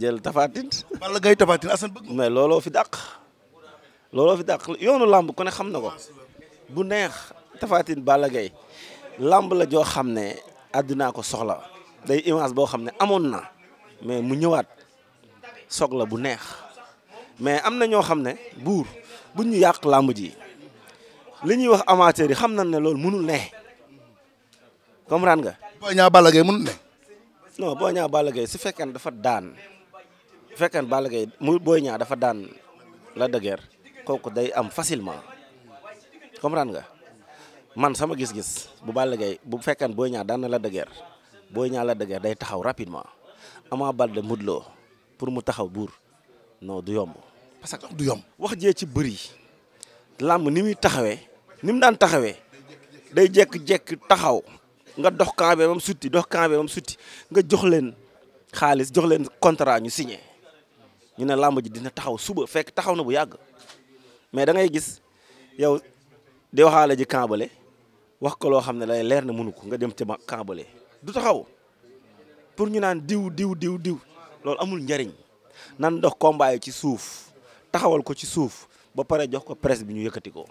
jël tafatin. Balla Gaye tafatin Assane bëgg mais looloo fi dàq. looloo fi dàq yoonu làmb ku ne xam na ko. bu neex tafatin Balla Gaye làmb la joo xam ne àddinaa ko soxla day image boo xam ne amoon na mais mu ñëwaat soxla bu neex mais am na ñoo xam ne buur bu ñu yàq làmb ji li ñuy wax amateur yi xam nañ ne loolu mënul ne comprendre nga. boo ñaa boo ñaa Balla Gaye su fekkee ne dafa daan. fekkee ne Balla mu booy ñaa dafa daan la dëgër kooku day am facilement comprendre nga man sama gis-gis bu Balla Gaye bu fekkee ne Boy Niang daan la dëgër Boy Niang la dëgër day taxaw rapidement Ama Baldé Modou Lô pour mu taxaw buur non du yomb. parce que du yomb wax jee ci bëri làmb ni muy taxawee ni mu daan taxawee day jékki-jékki taxaw nga dox camp bi mu sutti dox camp bi ba mu sutti nga jox leen xaalis jox leen contrat ñu siñe ñu ne làmb ji dina taxaw suba fekk taxaw na bu yàgg mais da ngay gis yow di waxaale ji kàmbale wax ko loo xam ne lay leer na mënu ko nga dem ma kambale du taxaw pour ñu naan diw diw diw diw loolu amul njariñ nan dox combat ci suuf taxawal ko ci suuf ba pare jox ko presse bi ñu yëkkati ko